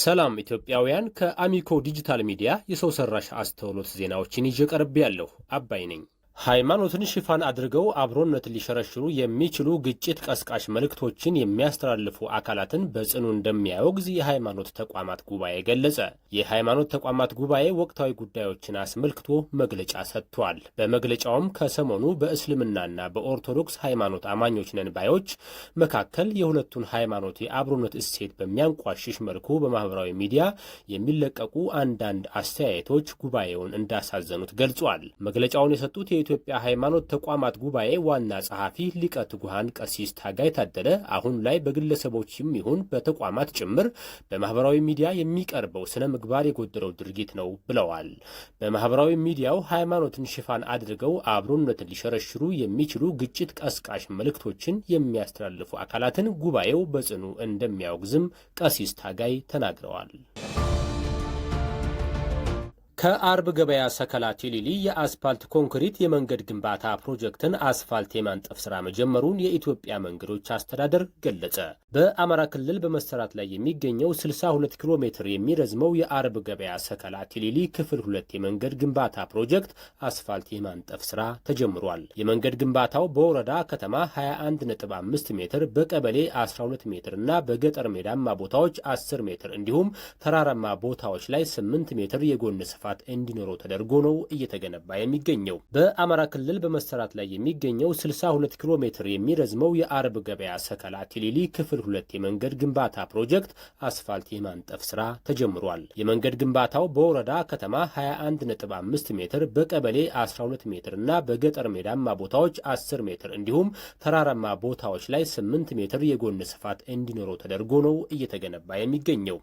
ሰላም ኢትዮጵያውያን፣ ከአሚኮ ዲጂታል ሚዲያ የሰው ሰራሽ አስተውሎት ዜናዎችን ይዤ ቀርቤ ያለሁ አባይ ነኝ። ሃይማኖትን ሽፋን አድርገው አብሮነት ሊሸረሽሩ የሚችሉ ግጭት ቀስቃሽ መልእክቶችን የሚያስተላልፉ አካላትን በጽኑ እንደሚያወግዝ የሃይማኖት ተቋማት ጉባኤ ገለጸ። የሃይማኖት ተቋማት ጉባኤ ወቅታዊ ጉዳዮችን አስመልክቶ መግለጫ ሰጥቷል። በመግለጫውም ከሰሞኑ በእስልምናና በኦርቶዶክስ ሃይማኖት አማኞች ነን ባዮች መካከል የሁለቱን ሃይማኖት የአብሮነት እሴት በሚያንቋሽሽ መልኩ በማህበራዊ ሚዲያ የሚለቀቁ አንዳንድ አስተያየቶች ጉባኤውን እንዳሳዘኑት ገልጿል። መግለጫውን የሰጡት የኢትዮጵያ ሃይማኖት ተቋማት ጉባኤ ዋና ጸሐፊ ሊቀ ትጉሃን ቀሲስ ታጋይ ታደለ አሁን ላይ በግለሰቦችም ይሁን በተቋማት ጭምር በማህበራዊ ሚዲያ የሚቀርበው ስነ ምግባር የጎደለው ድርጊት ነው ብለዋል። በማህበራዊ ሚዲያው ሃይማኖትን ሽፋን አድርገው አብሮነትን ሊሸረሽሩ የሚችሉ ግጭት ቀስቃሽ መልእክቶችን የሚያስተላልፉ አካላትን ጉባኤው በጽኑ እንደሚያወግዝም ቀሲስ ታጋይ ተናግረዋል። ከአርብ ገበያ ሰከላ ቲሊሊ የአስፋልት ኮንክሪት የመንገድ ግንባታ ፕሮጀክትን አስፋልት የማንጠፍ ስራ መጀመሩን የኢትዮጵያ መንገዶች አስተዳደር ገለጸ። በአማራ ክልል በመሰራት ላይ የሚገኘው 62 ኪሎ ሜትር የሚረዝመው የአርብ ገበያ ሰከላ ቲሊሊ ክፍል ሁለት የመንገድ ግንባታ ፕሮጀክት አስፋልት የማንጠፍ ስራ ተጀምሯል። የመንገድ ግንባታው በወረዳ ከተማ 215 ሜትር፣ በቀበሌ 12 ሜትር እና በገጠር ሜዳማ ቦታዎች 10 ሜትር እንዲሁም ተራራማ ቦታዎች ላይ 8 ሜትር የጎን ስፋ ስፋት እንዲኖረው ተደርጎ ነው እየተገነባ የሚገኘው። በአማራ ክልል በመሰራት ላይ የሚገኘው 62 ኪሎ ሜትር የሚረዝመው የአርብ ገበያ ሰከላ ቲሊሊ ክፍል ሁለት የመንገድ ግንባታ ፕሮጀክት አስፋልት የማንጠፍ ስራ ተጀምሯል። የመንገድ ግንባታው በወረዳ ከተማ 215 ሜትር በቀበሌ 12 ሜትር እና በገጠር ሜዳማ ቦታዎች 10 ሜትር እንዲሁም ተራራማ ቦታዎች ላይ 8 ሜትር የጎን ስፋት እንዲኖረው ተደርጎ ነው እየተገነባ የሚገኘው።